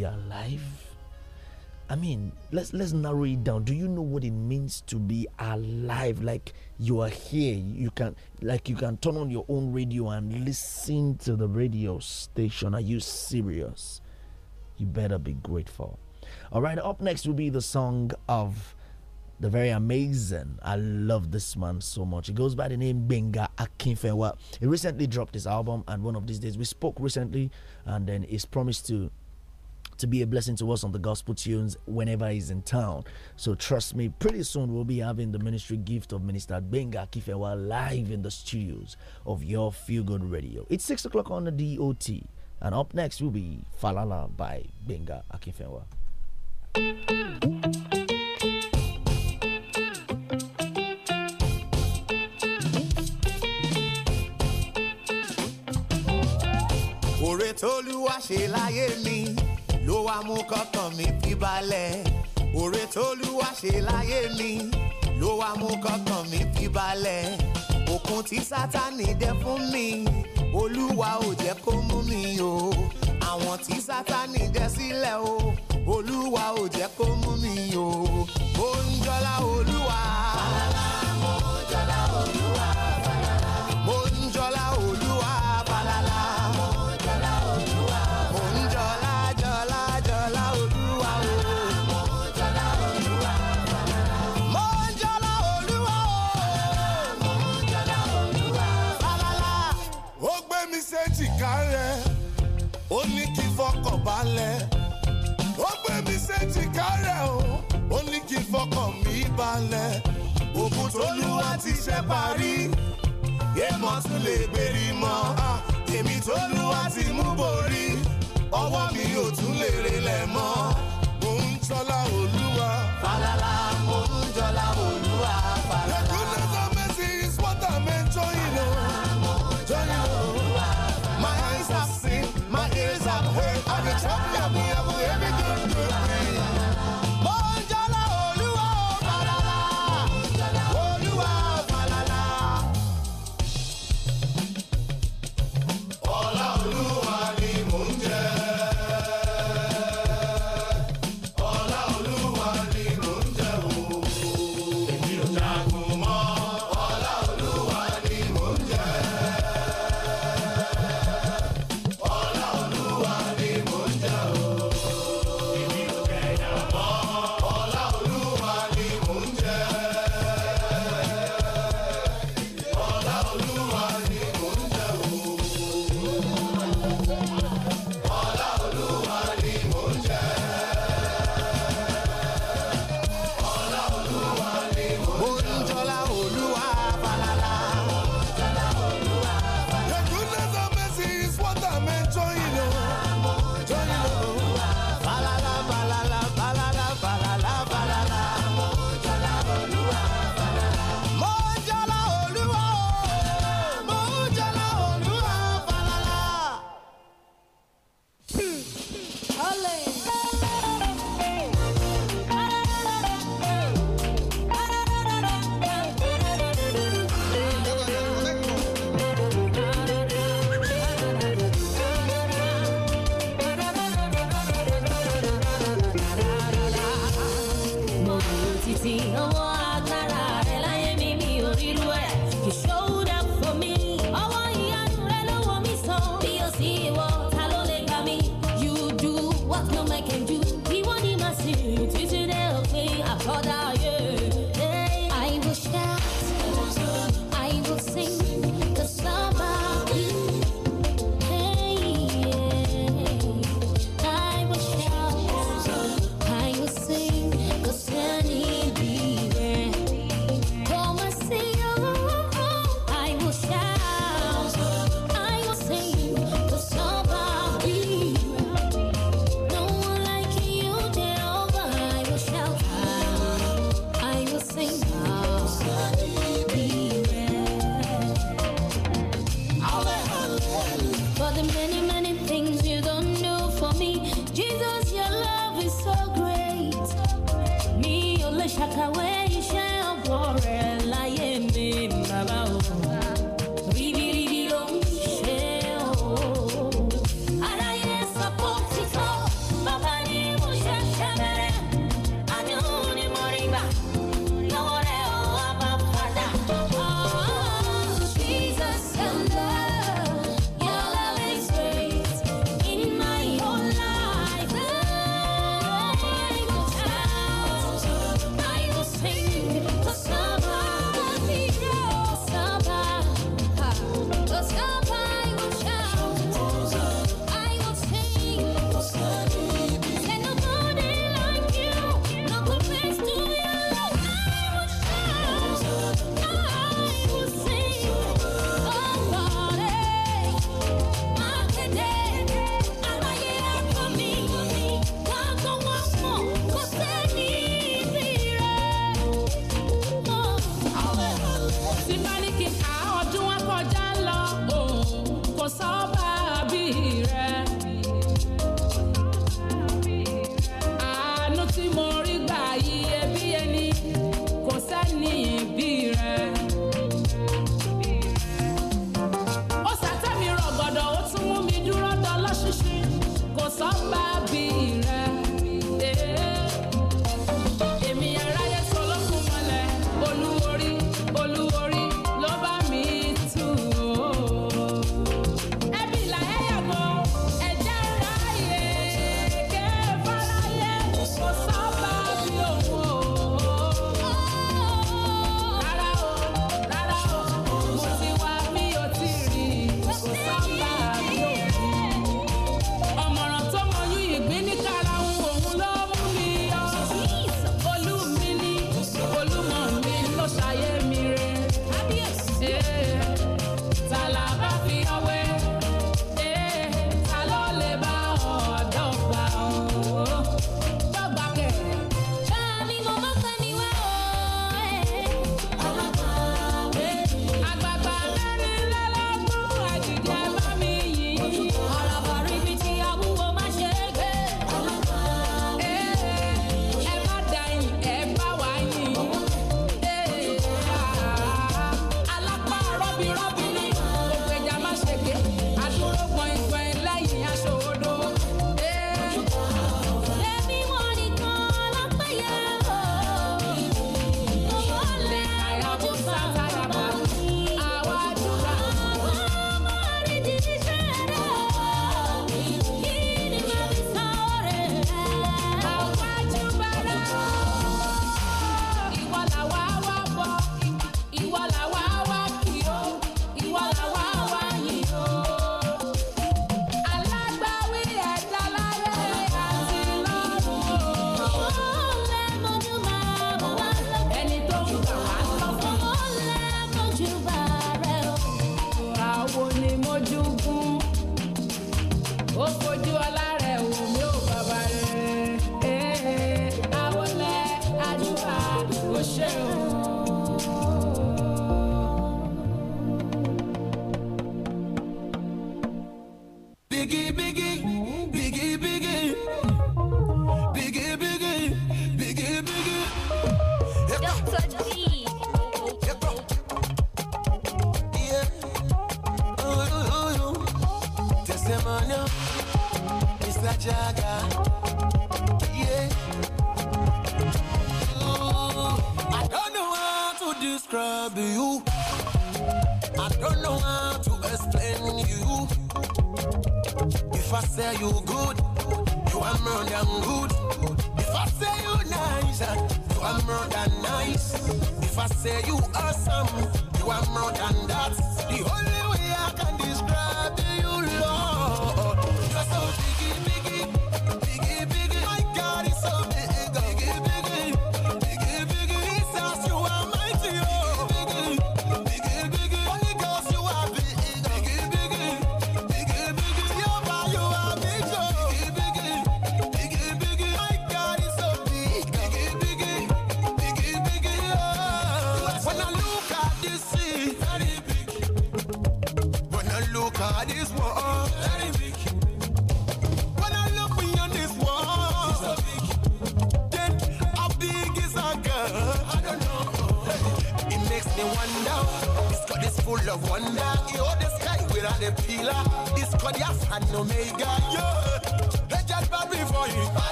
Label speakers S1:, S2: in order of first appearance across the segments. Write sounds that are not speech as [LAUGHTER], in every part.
S1: they are alive? I mean, let's let's narrow it down. Do you know what it means to be alive? Like you are here, you can like you can turn on your own radio and listen to the radio station. Are you serious? You better be grateful. All right, up next will be the song of the very amazing. I love this man so much. He goes by the name Benga Akinfenwa. He recently dropped his album, and one of these days we spoke recently, and then he's promised to to be a blessing to us on the gospel tunes whenever he's in town. So trust me, pretty soon we'll be having the ministry gift of Minister Benga Kifewa live in the studios of your Feel Good Radio. It's six o'clock on the DOT, and up next will be Falala by Benga Akifewa.
S2: Oore ṣe láyé mi. wá mú kọ́kàn mi fi balẹ̀ òre tólúwa ṣe láyé mi ló wá mú kọ́kàn mi fi balẹ̀ òkun tí sátani dẹ fún mi olúwa ò jẹ́ kó mú mi o àwọn tí sátani dẹ sílẹ̀ o olúwa ò jẹ́ kó mú mi o ó ń jọlá olúwa. Olúwa ti ṣe parí èèmọ̀ tún lè gbèrí mọ́ èmi tÓlúwa ti mú borí ọwọ́ mi ò tún lè relẹ̀ mọ́ mò ń Olúwa. falala.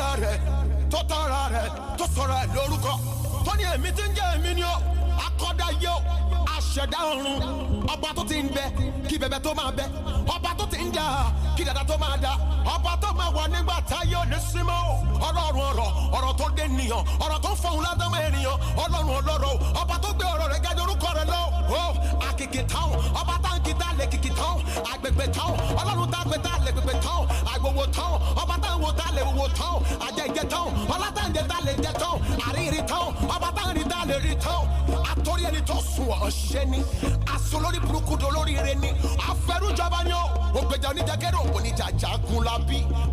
S2: ríra rẹ̀ tó tara rẹ̀ tó sọ̀rọ̀ ẹ̀ lórúkọ tó ní èmi tí ń jẹ́ èmi ni ó akọ́dá yé ó aṣẹ̀dá ọ̀run ọba tó ti ń bẹ kí bẹ̀bẹ̀ tó máa bẹ ọba tó ti ń jà kí dada tó máa da ọba tó máa wà nígbà táyé ò ní símọ́ ọ̀rọ̀ ọ̀run ọ̀rọ̀ ọ̀rọ̀ tó dé nìyàn ọ̀rọ̀ tó ń fọ̀hún ládọ́mọ̀ ènìyàn ọlọ́run ọlọ́rọ̀ ọba tó gbé ọ̀rọ̀ rẹ̀ gẹ́gẹ́ orúkọ rẹ̀ lọ ó àkìkì táwọn ọba táǹkì tá lè kìkì táwọn àgbègbè táwọn ọlọ́run tá gbé gbègbè táwọn wo wo tán ọba tá ń wo tá lè wo tán àjẹjẹ tán ọlá tá ń jẹ tá lè jẹ tán àrírí tán ọba tá rí tá rí tán. olórí ẹni tó burúkú di olóríire ni afẹ́rújọba ni ó ògbèjà oníjàgẹ́rẹ́ ògbónijà jagun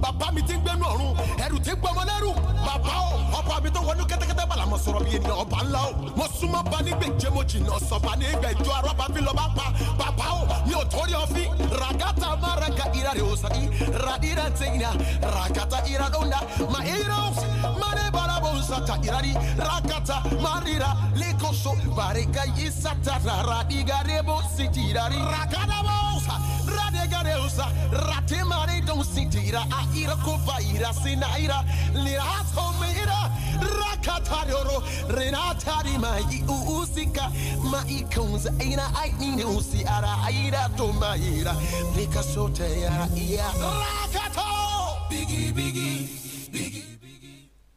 S2: bàbá mi ti ń gbénu ọ̀run ẹrù ti gbọmọ lẹ́rù bàbá o ọba mi tó wọnú kẹ́tẹ́kẹ́tẹ́ bàlá mọ̀ sọ̀rọ̀ bí ènìyàn ọba ńlá o mo súnmọ́ ba nígbèjé mo jìnnà sọ̀ba ní ìgbẹ́jọ́ arọ́ba fi lọ́ba pa bàbá o mi ò torí ọfí ragata maraga ira de osadi radira tẹ́yìnà ragata ira dọ́nda ma ira ọ̀sìn ma ní bàrà rata irari rakata marira lekoso bareka yisata rati rara igarebo sitirari rakadabosa radegareusa ratemare don sitira aira kovaira sinaira lirasomira rakataroro renatari mai uusika maikunza ina aini usi ara aira tomaira
S1: lekasote ara
S2: ia rakato biggie biggie biggie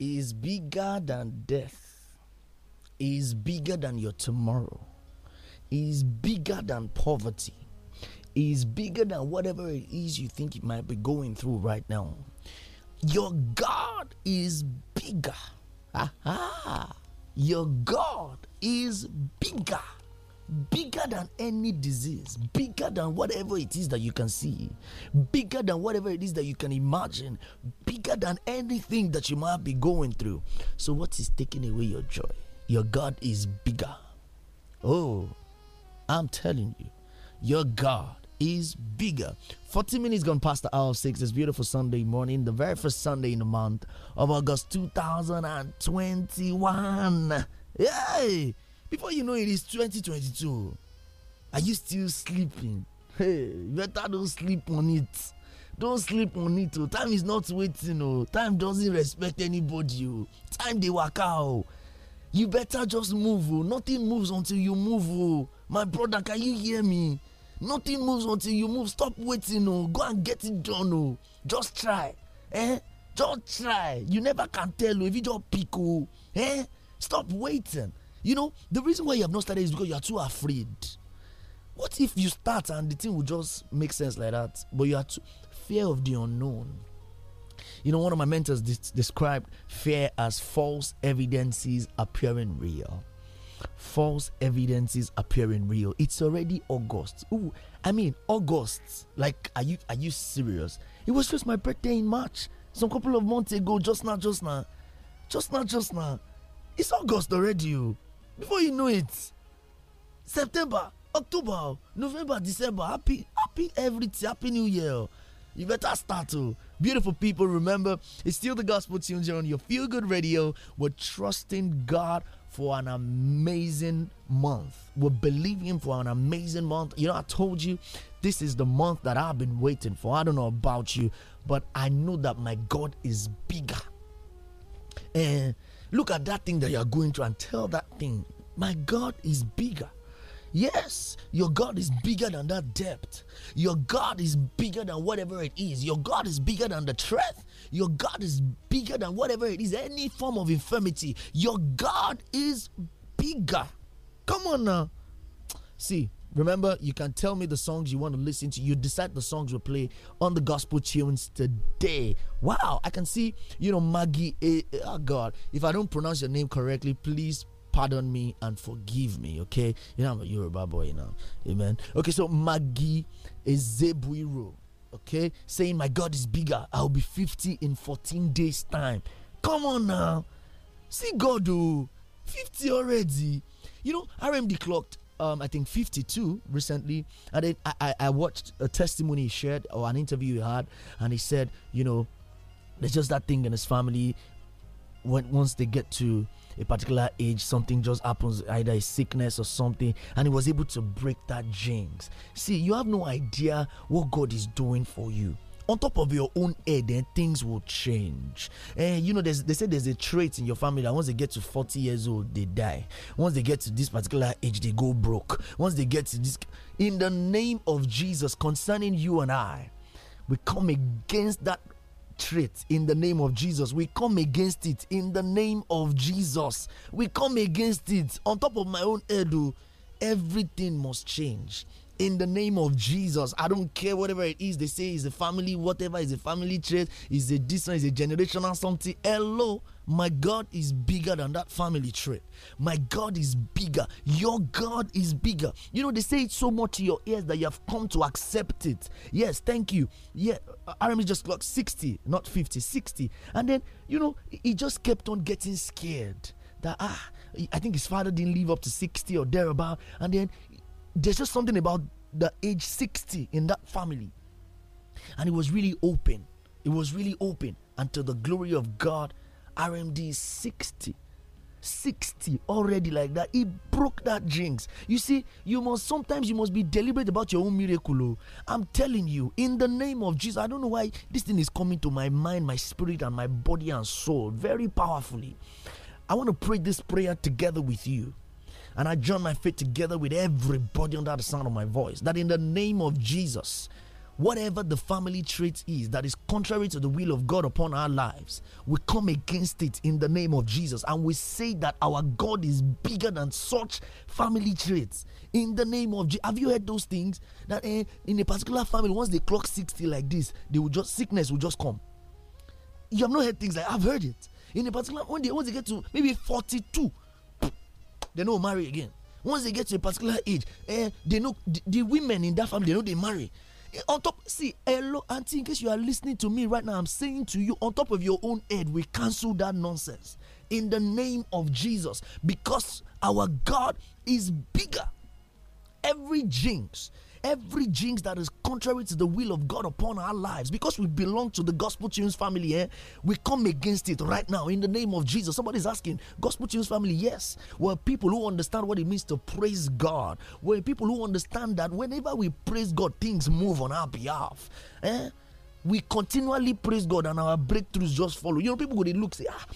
S1: is bigger than death, is bigger than your tomorrow, is bigger than poverty, is bigger than whatever it is you think you might be going through right now. Your God is bigger. Aha! Your God is bigger bigger than any disease, bigger than whatever it is that you can see, bigger than whatever it is that you can imagine, bigger than anything that you might be going through. So, what is taking away your joy? Your God is bigger. Oh, I'm telling you, your God is bigger. 40 minutes gone past the hour of 6. It's beautiful Sunday morning, the very first Sunday in the month of August 2021. Yay! before you know it is 2022 are you still sleeping hey you better don't sleep on it don't sleep on it Oh, time is not waiting Oh, time doesn't respect anybody Oh, time dey waka o oh. you better just move Oh, nothing moves until you move Oh, my brother can you hear me nothing moves until you move stop waiting Oh, go and get it done Oh, just try eh just try you never can tell Oh, if you just pick Oh, eh stop waiting You know, the reason why you have not started is because you are too afraid. What if you start and the thing will just make sense like that? But you are too fear of the unknown. You know, one of my mentors de- described fear as false evidences appearing real. False evidences appearing real. It's already August. Ooh, I mean August. Like, are you are you serious? It was just my birthday in March, some couple of months ago. Just now, just now, just now, just now. It's August already. Oh. Before you know it, September, October, November, December, happy, happy everything, happy new year. You better start to. Oh. Beautiful people, remember, it's still the gospel tunes here on your feel good radio. We're trusting God for an amazing month. We're believing for an amazing month. You know, I told you this is the month that I've been waiting for. I don't know about you, but I know that my God is bigger. And Look at that thing that you're going through and tell that thing, My God is bigger. Yes, your God is bigger than that depth. Your God is bigger than whatever it is. Your God is bigger than the truth. Your God is bigger than whatever it is, any form of infirmity. Your God is bigger. Come on now. See, Remember, you can tell me the songs you want to listen to. You decide the songs we play on the gospel tunes today. Wow, I can see, you know, Maggie. Eh, eh, oh, God. If I don't pronounce your name correctly, please pardon me and forgive me. Okay. You know, I'm a Yoruba boy You know, Amen. Okay, so Maggie Ezebuiro. Okay. Saying, My God is bigger. I'll be 50 in 14 days' time. Come on now. See God, do 50 already. You know, RMD clocked um, I think 52 recently, and then I, I, I watched a testimony he shared or an interview he had, and he said, you know, there's just that thing in his family when once they get to a particular age, something just happens, either a sickness or something, and he was able to break that jinx. See, you have no idea what God is doing for you on top of your own head, then things will change. And eh, you know, they say there's a trait in your family that once they get to 40 years old, they die. Once they get to this particular age, they go broke. Once they get to this, in the name of Jesus, concerning you and I, we come against that trait in the name of Jesus. We come against it in the name of Jesus. We come against it on top of my own head. Oh, everything must change in the name of Jesus. I don't care whatever it is they say is a family, whatever is a family trait, is a this one, is a generational something. Hello, my God is bigger than that family trait. My God is bigger. Your God is bigger. You know, they say it so much to your ears that you have come to accept it. Yes, thank you. Yeah, uh, RM just clocked 60, not 50, 60. And then, you know, he just kept on getting scared that, ah, I think his father didn't live up to 60 or thereabout. And then there's just something about the age 60 in that family. And it was really open. It was really open. And to the glory of God, RMD 60. 60 already like that. He broke that jinx. You see, you must sometimes you must be deliberate about your own miracle. Oh. I'm telling you, in the name of Jesus, I don't know why this thing is coming to my mind, my spirit, and my body and soul very powerfully. I want to pray this prayer together with you. And I join my faith together with everybody under the sound of my voice that in the name of Jesus, whatever the family trait is that is contrary to the will of God upon our lives, we come against it in the name of Jesus and we say that our God is bigger than such family traits. In the name of Jesus, have you heard those things that eh, in a particular family, once they clock 60 like this, they will just sickness will just come. You have not heard things like I've heard it. In a particular, when they once they get to maybe 42, they no marry again once they get to a particular age eh, they know the, the women in that family they know they marry eh, on top see hello auntie in case you are listening to me right now i'm saying to you on top of your own head we cancel that nonsense in the name of jesus because our god is bigger every jinx every jinx that is contrary to the will of God upon our lives, because we belong to the Gospel Tunes family, eh, we come against it right now in the name of Jesus. Somebody's asking, Gospel Tunes family, yes, we're people who understand what it means to praise God. We're people who understand that whenever we praise God, things move on our behalf. Eh? We continually praise God and our breakthroughs just follow. You know, people go, they look, say, ah,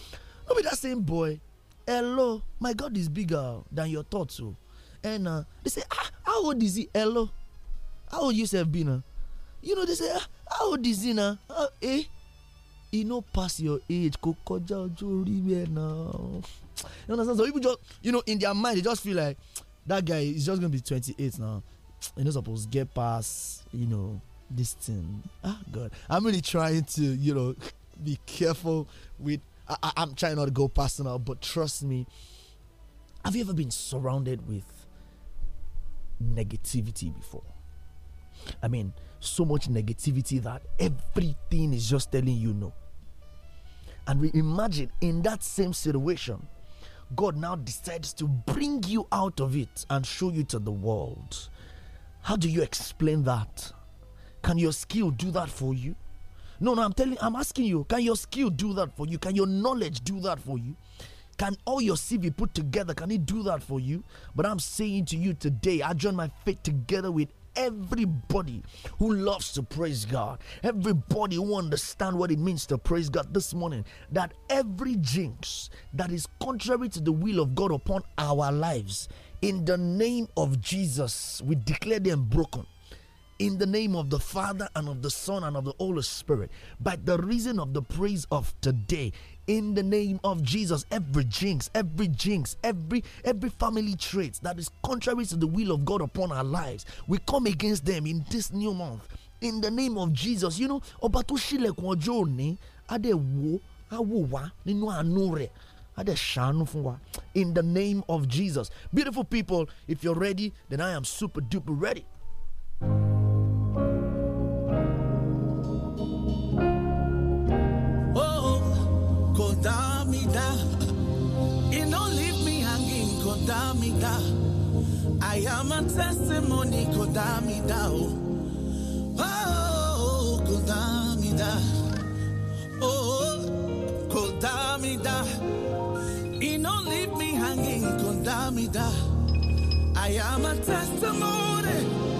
S1: not be that same boy. Hello, my God is bigger than your thoughts. Oh. And uh, eh, they say, ah, how old is he? Hello how old yourself be now you know they say ah, how old is he now uh, eh he no pass your age kò kọjá ojú orí rẹ you understand so people just you know in their mind they just feel like that guy is just gonna be twenty-eight now he no suppose get past you know this thing ah god i'm really trying to you know [LAUGHS] be careful with I, am trying not to go personal but trust me have you ever been surrounded with negativity before I mean, so much negativity that everything is just telling you no. And we imagine in that same situation, God now decides to bring you out of it and show you to the world. How do you explain that? Can your skill do that for you? No, no, I'm telling I'm asking you, can your skill do that for you? Can your knowledge do that for you? Can all your CV put together, can it do that for you? But I'm saying to you today, I join my faith together with everybody who loves to praise God, everybody who understands what it means to praise God this morning, that every jinx that is contrary to the will of God upon our lives, in the name of Jesus, we declare them broken in the name of the Father and of the Son and of the Holy Spirit. By the reason of the praise of today, in the name of Jesus, every jinx, every jinx, every every family trait that is contrary to the will of God upon our lives, we come against them in this new month. In the name of Jesus, you know, ọba tó ṣílẹ̀kùn ọjọ́ wo, á nínú In the name of Jesus. Beautiful people, if you're ready, then I am super duper ready.
S2: You don't leave me hanging, Godamida. I am a testimony, Godamida. Oh, Godamida. Oh, Godamida. Oh, you don't leave me hanging, Godamida. I am a testimony.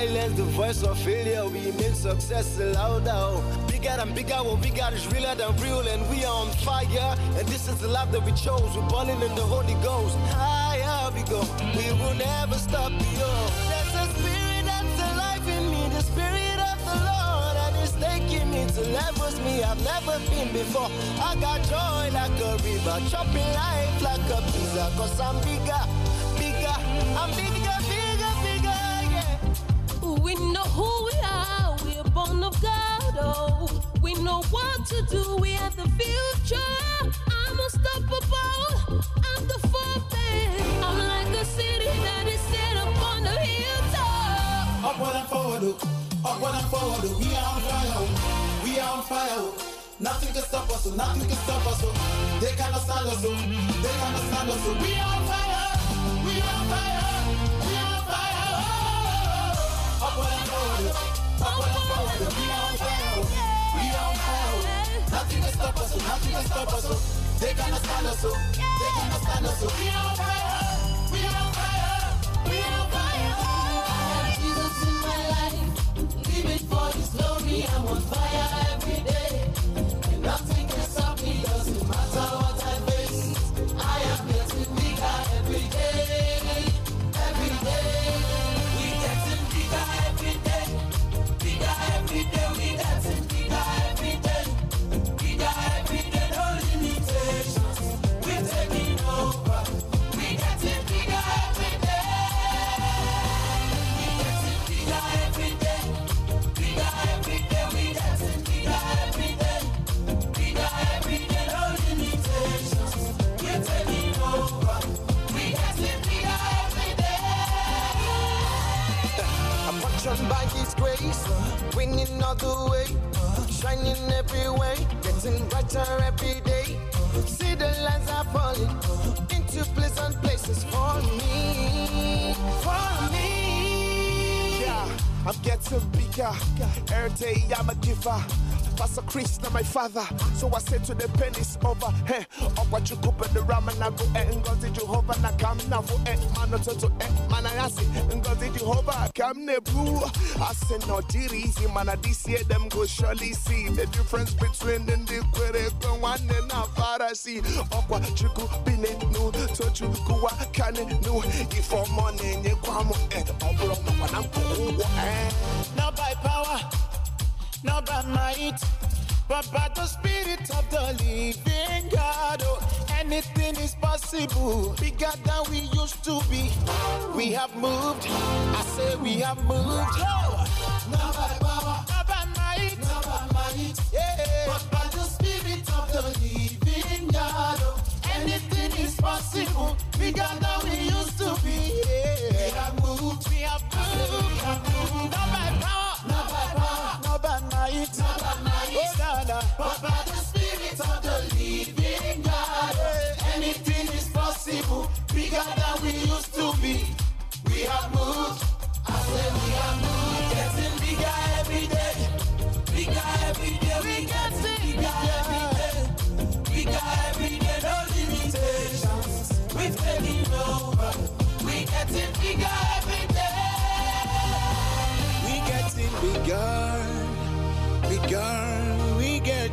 S2: silence, the voice of failure. We make success louder. Bigger and bigger, what we got is realer than real, and we are on fire. And this is the life that we chose. We're burning in the Holy Ghost. Higher we go, we will never stop. Yo. There's a spirit that's alive in me, the spirit of the Lord, and it's taking me to levels me I've never been before. I got joy like a river, chopping life like a pizza, cause I'm bigger, bigger, I'm bigger we know who we are. We're born of God, oh. We know what to do. We are the future. I'm unstoppable. I'm the foreman. I'm like a city that is set up on a hilltop. Upward and forward, oh. upward and forward. We are on fire, we are on fire. Nothing can stop us, so nothing can stop us. So they cannot stand us, so they cannot stand us. So we are on fire, we are on fire. We on We on Nothing can stop us. Nothing can stop us. They cannot stand us. They cannot stand us. We on fire. We on fire. We on fire. I have Jesus in my life. Living for His glory. I'm on fire. father. So I said to the pen is over. Hey, up what Okwa Chukupe the Ram and I go And eh, Ngozi Jehovah na kam na vo eh, mano toto eh, manayasi. Ngozi Jehovah kam ne boo. I said no easy. man, this year them go surely see the difference between the Kwere one and a Pharisee. Up what Okwa Chukupe ne nu, tochu kuwa kane nu. If for money, nye kwamo eh, obro mwana mkuwa eh. Not by power, not by might but by the Spirit of the living God, oh, anything is possible, bigger than we used to be. We have moved, I say we have moved. Oh. Not by power, not by might, not by might, yeah. but by the Spirit of the living God, oh, anything is possible, bigger than we used to be. Yeah. but by the Spirit of the living God, anything is possible, bigger than we used to be. We have moved.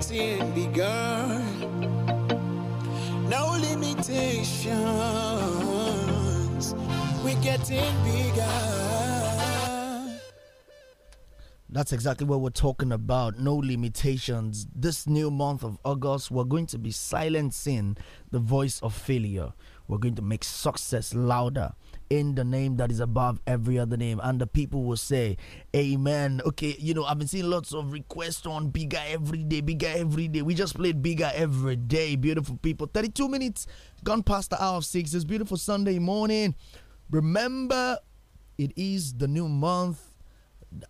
S2: begun. No limitations. We're getting bigger.
S1: That's exactly what we're talking about. No limitations. This new month of August, we're going to be silencing the voice of failure. We're going to make success louder in the name that is above every other name. And the people will say, Amen. Okay, you know, I've been seeing lots of requests on bigger every day, bigger every day. We just played bigger every day. Beautiful people. 32 minutes gone past the hour of six. It's beautiful Sunday morning. Remember, it is the new month.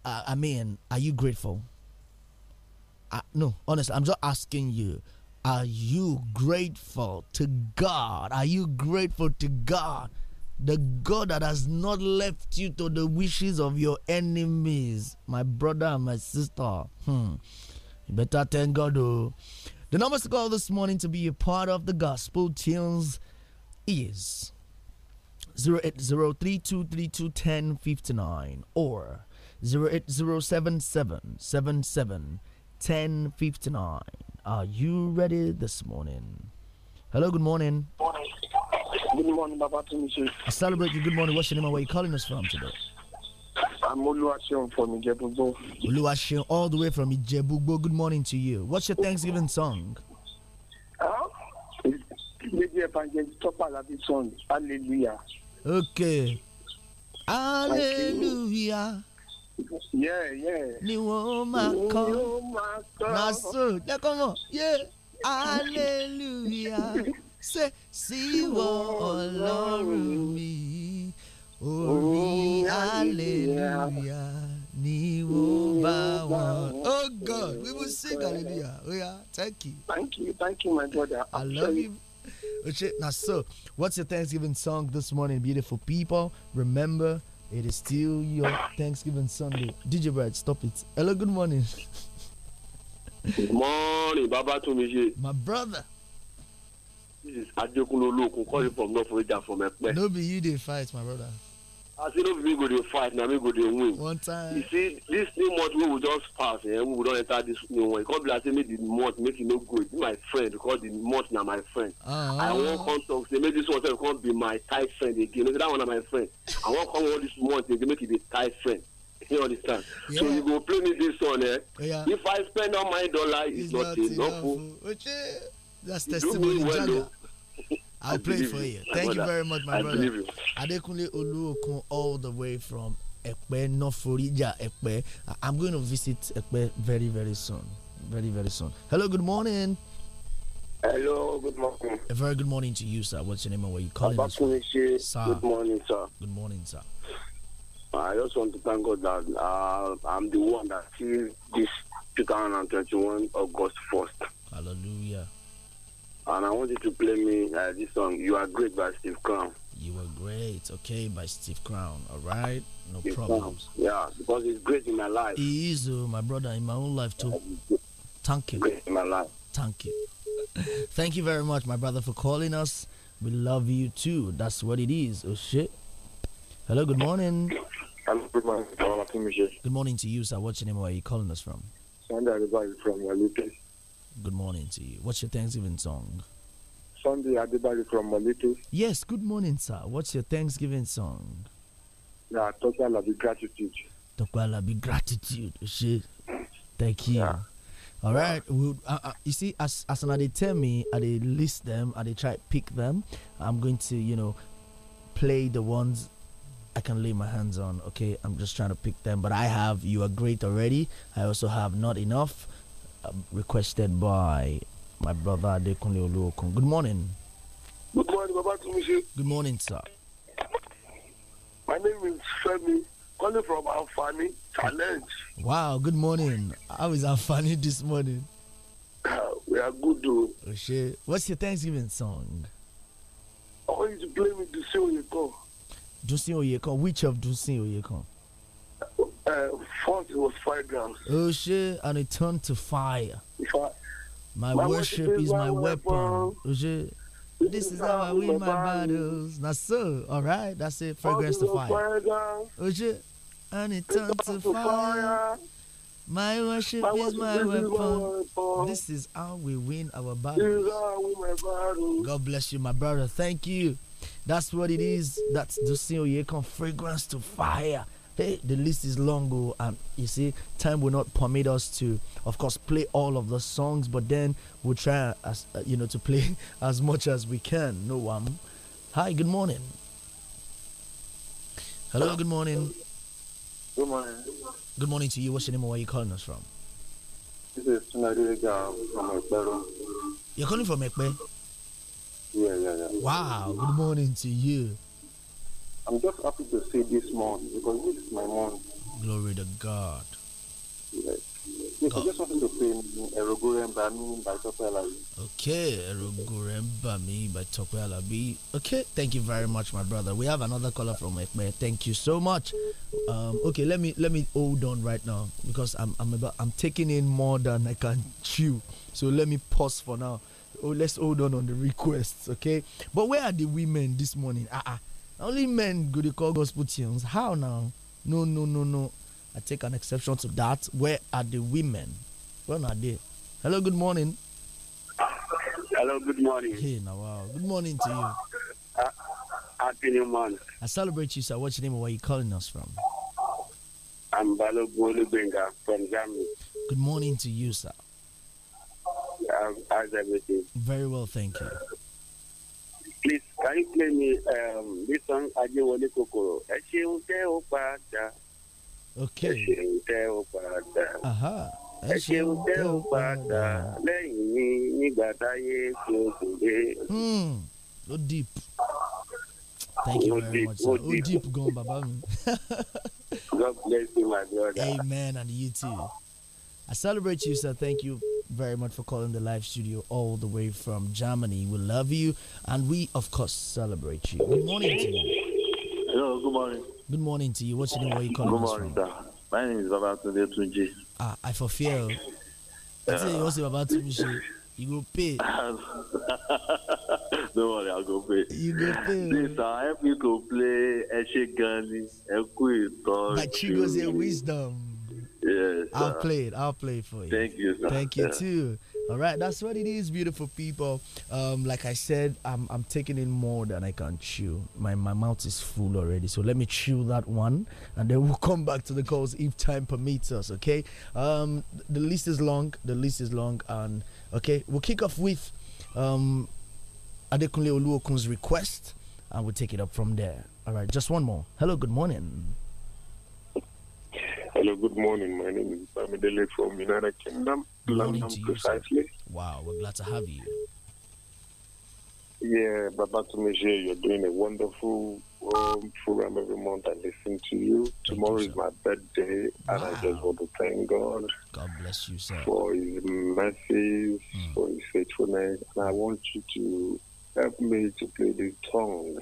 S1: I, mean, are you grateful? no, honestly, I'm just asking you. Are you grateful to God? Are you grateful to God? the God that has not left you to the wishes of your enemies, my brother and my sister. Hmm. You better thank God, The number to call this morning to be a part of the gospel tunes is 08032321059 or 08077771059. Are you ready this morning? Hello, good morning. Morning. Good morning, Baba Tumishe. I celebrate you. Good morning. What's your name and where you calling us from today? I'm Oluwaseun from Ijebubo. Oluwaseun, all the way from Ijebubo. Good morning to you. What's your Thanksgiving song? Uh,
S2: Lady Evangelist Topalabi song, Hallelujah.
S1: Okay. Hallelujah.
S2: Yeah, yeah.
S1: Ni wo ma ko. Ni wo ma ko. Maso, jẹ́ kọ́ Yeah. Hallelujah. Say, siwo Ọlọ́run mi,
S2: orí hallelujah ni wo
S1: bá wọn. Oh God,
S2: we will sing hallelujah. We oh are thank you. Thank you,
S1: thank you, my brother. I love you. Oh now, so what's your Thanksgiving song this morning, beautiful people? Remember, it is still your Thanksgiving Sunday. DJ Brad, stop it. Hello, good morning.
S2: Good morning, Baba Tumiji. My brother. this is adekunle olókun from north florida from ẹpẹ.
S1: no be you dey fight my brother.
S2: as you no be me go dey fight na me go dey win.
S1: one time. you
S2: see this new month wey we just pass eh, we don enter this new one e come be like say make the month make e no go be my friend because the month na my friend. Uh-huh. i wan come talk say make this one sef come be my tight friend again make that one na my friend i wan come all this month again make e be tight friend [LAUGHS] you understand yeah. so you go play me this one eh yeah. if i spend all my dollar it's, it's not enough o. oche
S1: that's testimony jagger. Oh. I'll play for you. Thank you very much, my I brother. Adekunle Oluokun, all the way from Ekpe, North Florida, Ekpe. I'm going to visit Ekpe very, very soon. Very, very soon. Hello, good morning. Hello, good morning. A very good morning to you, sir. What's your name and where you calling us from?
S2: Sir. Good morning, sir. Good morning, sir. I just want to thank God that uh, I'm the one that sees this 2021 August 1st. Hallelujah. And I want you to play me uh, this song, You Are Great by Steve Crown. You
S1: Are Great, okay, by Steve Crown. All right, no Steve problems. Crown.
S2: Yeah, because he's great in my life. He
S1: is, uh, my brother, in my own life too. Thank you. Great in my life. Thank you. [LAUGHS] Thank you very much, my brother, for calling us. We love you too. That's what it is. Oh, shit. Hello, good morning. Hello, good morning. Good morning to you, sir. What's your name? Where are you calling us from? Sunday, from Lagos. Good morning to you. What's your Thanksgiving song? Sunday Adibari from Molito. Yes, good morning, sir. What's your Thanksgiving song?
S3: Yeah, Tokwala la be gratitude.
S1: Tokwala la be gratitude. thank you. Yeah. All right. We'll, uh, uh, you see, as as they tell me, I they list them, I they try pick them. I'm going to, you know, play the ones I can lay my hands on. Okay, I'm just trying to pick them. But I have you are great already. I also have not enough requested by my brother Adekunle Oluokun. Good morning. Good morning, Baba Tumishi. Good morning, sir. My name is Femi, calling from Anfani Challenge. Wow, good morning. How is Anfani this morning? Ah, we are good, though. What's your Thanksgiving song? I want you to play with Dusin Oyekon. Dusin Oyekon? Which of Dusin Oyekon?
S2: Uh, first it was fragrance.
S1: Oh shit, and it turned to fire. My, my, worship, is, is, my weapon. weapon. Oh shit. This, is how I win my battles. Now, so, all right, that's it. Fragrance to fire. Fragrance. Oh and it turned to fire. My worship, my is, my, weapon. weapon. This is how we win our battles. God bless you, my brother. Thank you. That's what it is. That's Dusin Oyekon fragrance to fire. Hey, the list is long, oh, and you see, time will not permit us to, of course, play all of the songs, but then we'll try as uh, you know to play [LAUGHS] as much as we can. No one. Um, hi, good morning. Hello, good morning. Good morning. Good morning to you. What's your name? Where are you calling us from?
S3: This is from Ekpe.
S1: You're calling from Ekpe?
S3: Yeah, yeah, yeah. Wow,
S1: good morning to you.
S3: I'm just happy to see this month because this is my month.
S1: Glory to God. Yes.
S3: Yes, God. I just wanted to say, by
S1: Okay, Erogure Mbami by Tope Alabi. Okay, thank you very much, my brother. We have another caller from Ekme. Thank you so much. Um, okay, let me let me hold on right now because I'm I'm about I'm taking in more than I can chew. So let me pause for now. Oh, let's hold on on the requests, okay? But where are the women this morning? Ah, uh-uh. Only men go they call gospel tunes. How now? No, no, no, no. I take an exception to that. Where are the women? Where are they? Hello, good morning. Hello, good morning. Hey, now, wow. Good morning to you. Uh, happy new month. I celebrate you, sir. What's your name and where are you calling us from?
S2: I'm Balogun Olubenga from Germany.
S1: Good morning to you, sir.
S2: Um, how's everything?
S1: Very well, thank
S2: you. please can you play me um, this song ajewole kokoro ẹ ṣeun tẹ ó padà ẹ ṣeun tẹ ó padà
S1: ẹ ṣeun tẹ ó padà
S2: lẹ́yìn mi nígbà táyé
S1: tí o kò dé. ló hmm. deep thank you very much sir ó deep gan bàbá mi. God bless you my brother. amen and you too. I celebrate you, so thank you very much for calling the live studio all the way from Germany. We love you, and we, of course, celebrate you. Good morning to
S3: you. Hello,
S1: good morning. Good morning to you. What's your name? Where you calling good morning,
S3: from? Sir. My name is Babatunde
S1: Tunji. Ah, I fulfill. I
S3: uh, say to Babatunde?
S1: You go pay. [LAUGHS] Don't worry, I'll go pay. You go pay. This I help you to
S2: play Eshe Gani, Eku Itan. But she goes in
S1: wisdom.
S2: Yes, I'll uh, play it. I'll play
S1: it for you. Thank you. Sir. Thank you yeah. too. All right, that's what it is, beautiful people. Um, like I said, I'm, I'm taking in more than I can chew. My my mouth is full already, so let me chew that one, and then [LAUGHS] we'll come back to the calls if time permits us. Okay. Um, the list is long. The list is long, and okay, we'll kick off with um, Adekunle Oluokun's request, and we'll take it up from there. All right, just one more. Hello, good morning. Hello, good morning. My name is Bamidele from United Kingdom, London precisely. Wow, we're glad to have you.
S2: Yeah, Babatumeje, you're doing a wonderful um, program every month. I listen to you. Thank Tomorrow you, is my birthday, wow. and I just want to thank God. God bless you, sir. For His mercies, mm. for His faithfulness, and I want you to help me to play the tongue.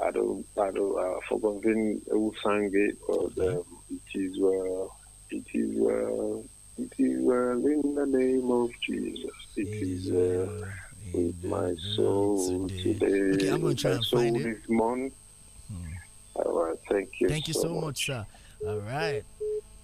S2: I don't, I don't, I've uh, forgotten who sang it, but. Um, it is well. It is well. It is well in the name of Jesus. It is well with my soul today. Okay, I'm going to try and find it. This month. Hmm.
S1: All right. Thank you. Thank you so, much, sir. All right.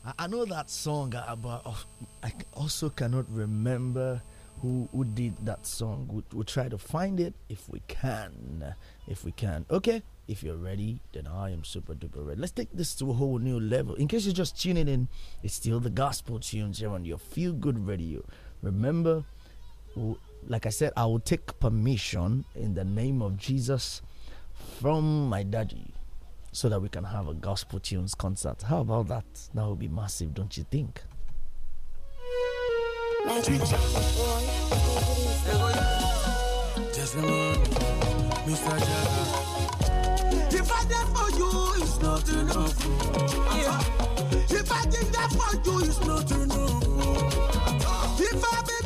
S1: I, I know that song, uh, but uh, I also cannot remember who who did that song. We'll, we'll try to find it if we can. If we can. Okay. If you're ready, then I am super duper ready. Let's take this to a whole new level. In case you're just tuning in, it's still the gospel tunes here on your feel good radio. Remember, like I said, I will take permission in the name of Jesus from my daddy so that we can have a gospel tunes concert. How about that? That would be massive, don't you think?
S2: Just Mr. If I did for you, it's not enough. Yeah. If I did that for you, it's not enough. If I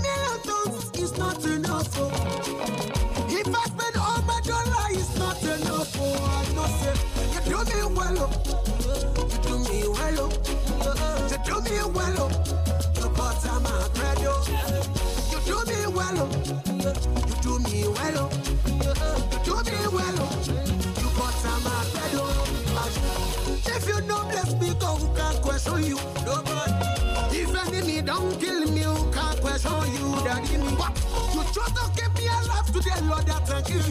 S2: Today, Lord, I thank you.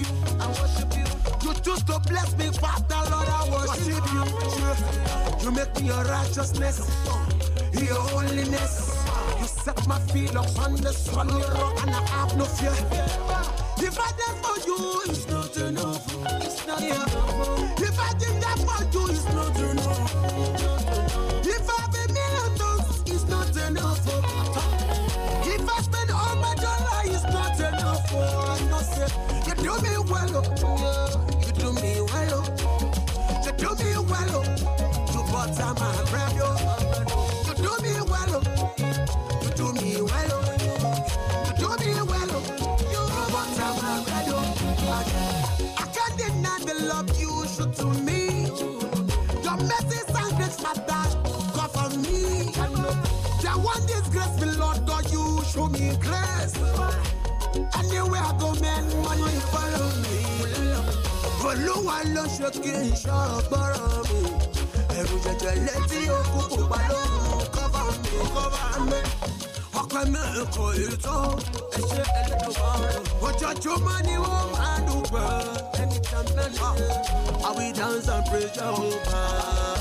S2: I worship you. You choose to bless me, Father, Lord, I worship you. You make me your righteousness, your holiness. You set my feet upon the solid rock, and I have no fear. If I die for you, it's not enough. It's not enough. If I did that for you, it's not enough. grace. Anywhere I go, man, money follow me. Olúwa ló ṣe kí n ṣọ́gbọ́rọ̀ let Ẹ̀rù jẹjẹ létí me, pupa lóhùn kọ́fà mi. Ọkọ mi kò rí tó ẹṣẹ́ ẹlẹ́dọ̀gbọ́n. Ojoojúmọ́ ni wọ́n máa dùgbọ́. Anytime, anytime, I will dance and praise Jehovah.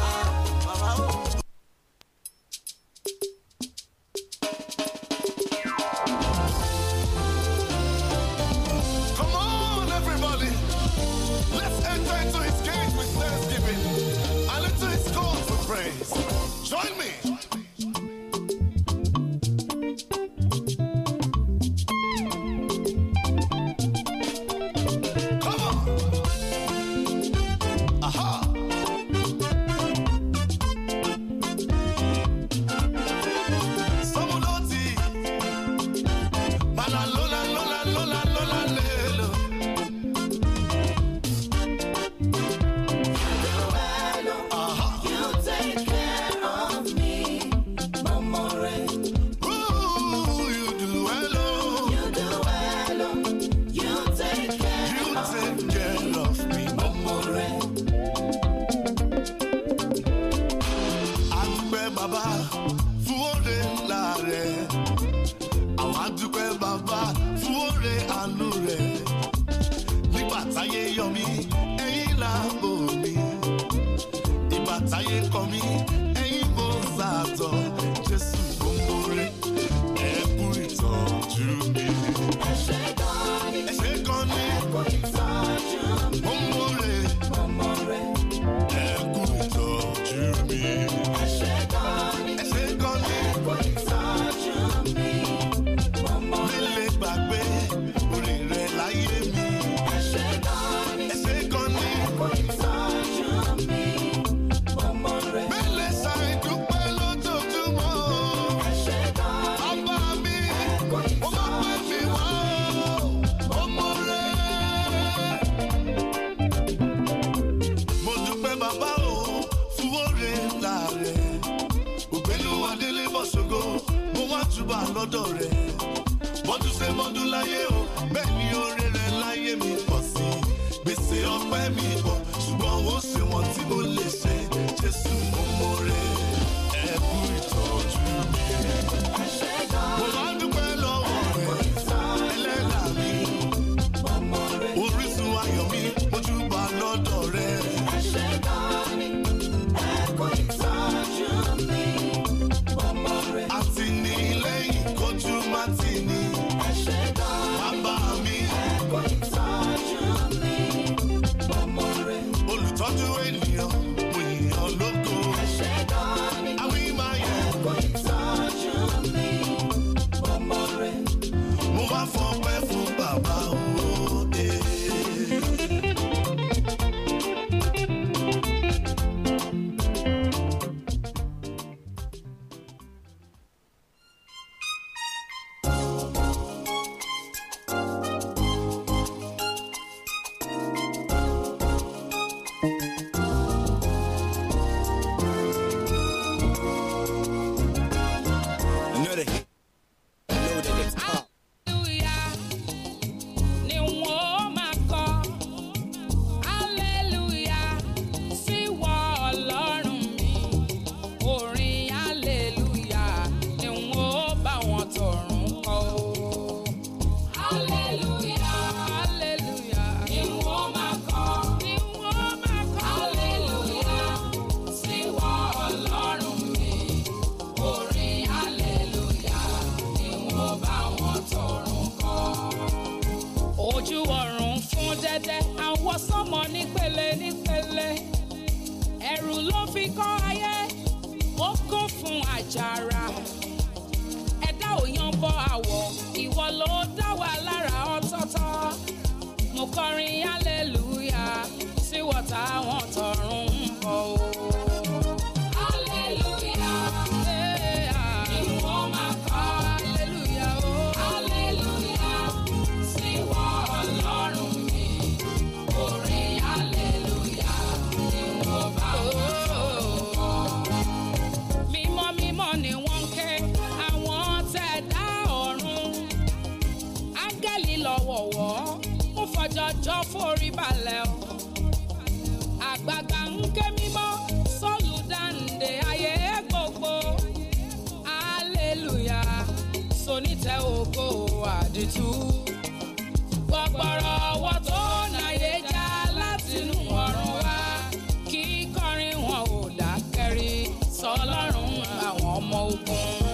S3: mão bom.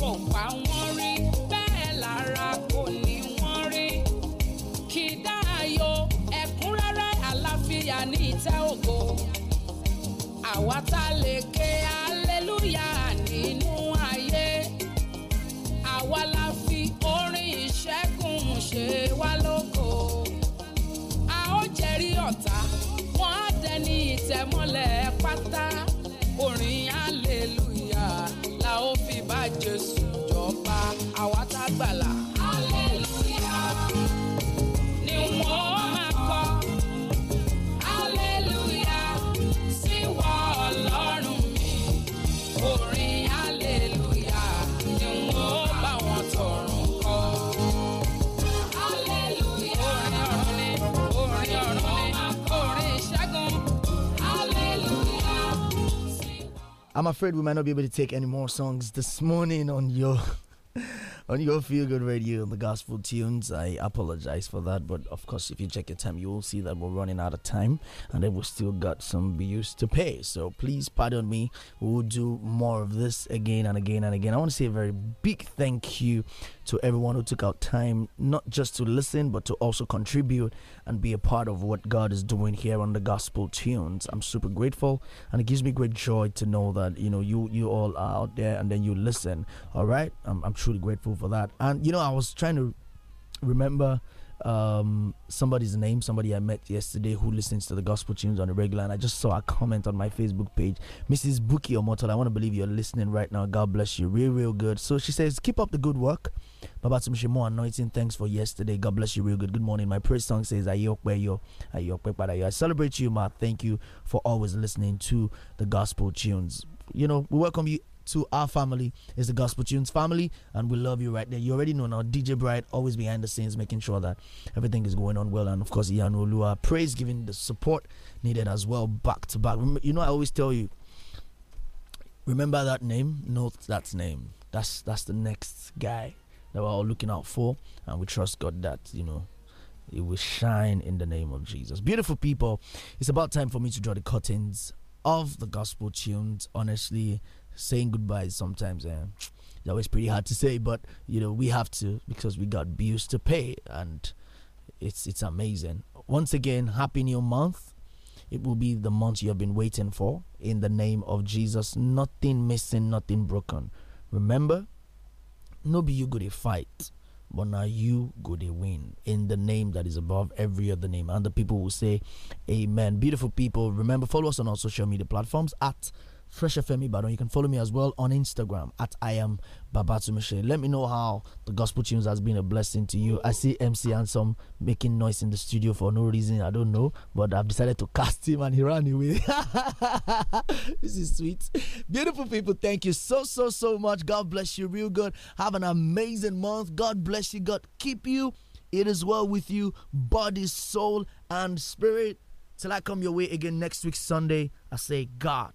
S3: kò pa wọ́n rí bẹ́ẹ̀ lára kò ní wọ́n rí kì í dáàyò ẹ̀kúnrẹ́rẹ́ àlàáfíà ní ìtẹ́ ògo àwa tá lè
S1: I'm afraid we might not be able to take any more songs this morning on your on your Feel Good Radio and the Gospel Tunes. I apologize for that, but of course, if you check your time, you will see that we're running out of time and then we still got some bills to pay. So please pardon me. We'll do more of this again and again and again. I want to say a very big thank you to everyone who took out time, not just to listen, but to also contribute and be a part of what God is doing here on the Gospel Tunes. I'm super grateful and it gives me great joy to know that, you know, you, you all are out there and then you listen. All right. I'm, I'm truly grateful for that. And you know, I was trying to remember um, somebody's name, somebody I met yesterday who listens to the gospel tunes on the regular, and I just saw a comment on my Facebook page, Mrs. Buki Omotola. I want to believe you're listening right now. God bless you, real, real good. So she says, keep up the good work. Babatumshi, more anointing. Thanks for yesterday. God bless you, real good. Good morning. My praise song says, Ayokweyo, Ayokwekwadayo. I celebrate you, Ma. Thank you for always listening to the gospel tunes. You know, we welcome you to our family is the Gospel Tunes family, and we love you right there. You already know now, DJ Bright always behind the scenes, making sure that everything is going on well, and of course, Ian Olua praise giving the support needed as well, back to back. You know, I always tell you, remember that name, note that name. That's that's the next guy that we're all looking out for, and we trust God that you know it will shine in the name of Jesus. Beautiful people, it's about time for me to draw the curtains of the gospel tunes. Honestly, saying goodbyes sometimes. Uh, it's always pretty hard to say, but you know we have to because we got bills to pay, and it's it's amazing. Once again, happy new month. It will be the month you have been waiting for. In the name of Jesus, nothing missing, nothing broken. Remember, no be you go to fight, but now you go to win. In the name that is above every other name, and the people will say, "Amen." Beautiful people, remember follow us on our social media platforms at Fresh FM Ibadan. You can follow me as well on Instagram at I am Babatu Let me know how the gospel tunes has been a blessing to you. I see MC Handsome making noise in the studio for no reason. I don't know, but I've decided to cast him and he ran away. [LAUGHS] this is sweet. Beautiful people, thank you so, so, so much. God bless you real good. Have an amazing month. God bless you. God keep you. It is well with you, body, soul, and spirit. Till I come your way again next week, Sunday, I say, God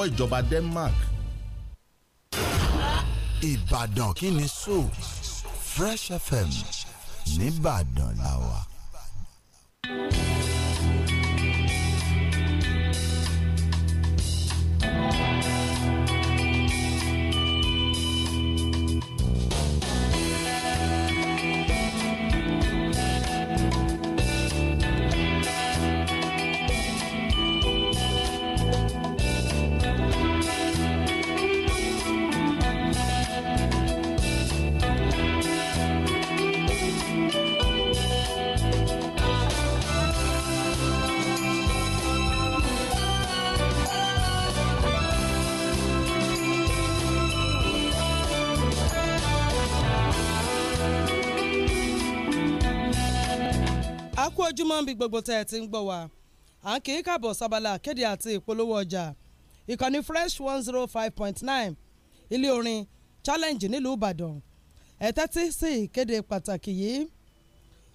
S2: lọ́wọ́ ìjọba Denmark. Ìbàdàn kí ni so Fresh FM nìbàdàn làwà.
S3: lójoojúmọ́ bí gbogbo tẹ́ ẹ ti ń gbọ́ wa à ń kì í kàbọ̀ sábàlá akéde àti ìpolówó ọjà ìkànnì fresh one zero five point nine ilé orin challenge nílùú ìbàdàn ẹ tẹ́tí sí ìkéde pàtàkì yìí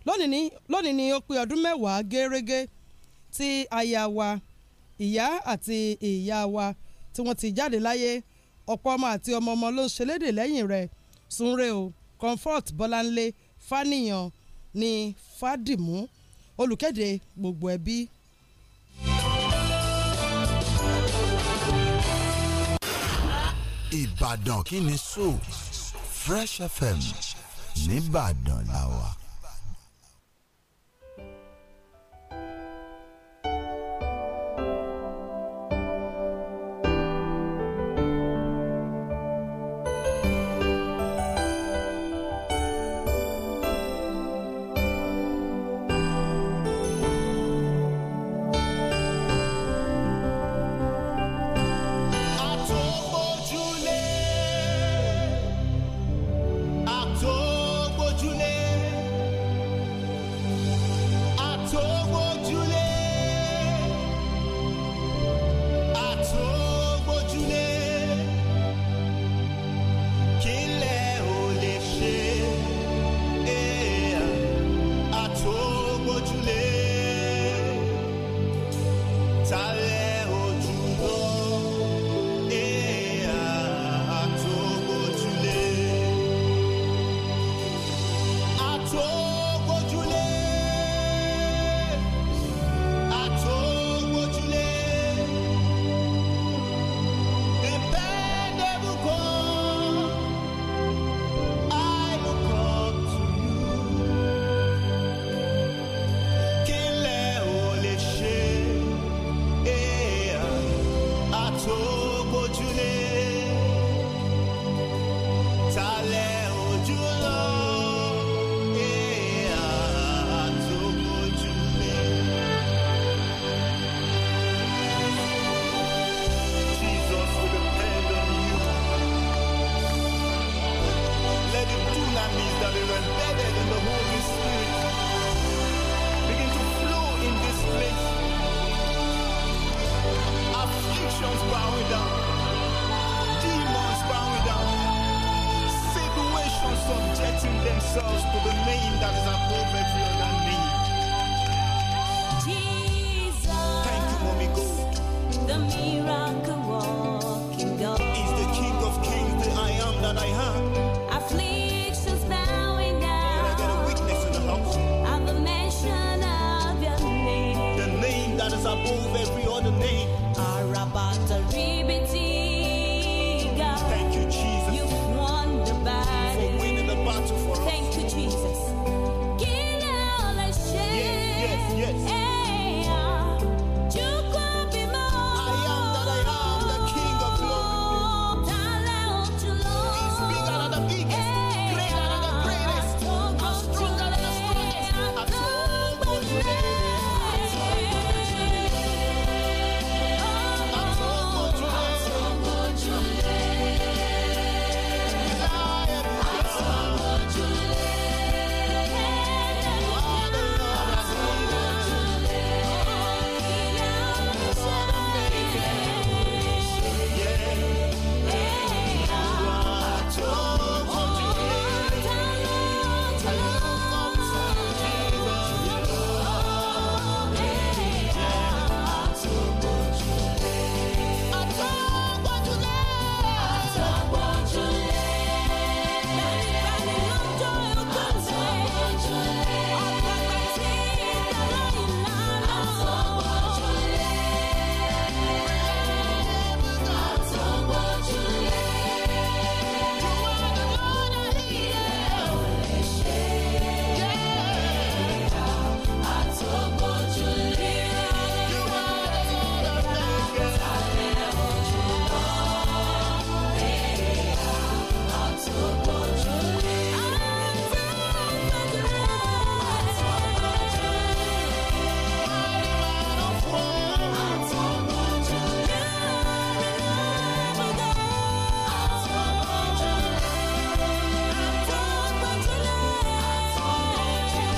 S3: lónìí ni lónìí ni ó pé ọdún mẹ́wàá gẹ́rẹ́gẹ́ tí aya wa ìyá àti ìyá wa tí wọ́n ti jáde láyé ọ̀pọ̀ ọmọ àti ọmọ ọmọ ló ń ṣẹlẹ́dẹ̀ lẹ́yìn rẹ̀ sunre o comfort bọ́láńlé faniyan ni fadimu olùkéde
S2: gbogbo ẹbí. Ìbàdàn kí ni so Fresh FM nìbàdàn làwà.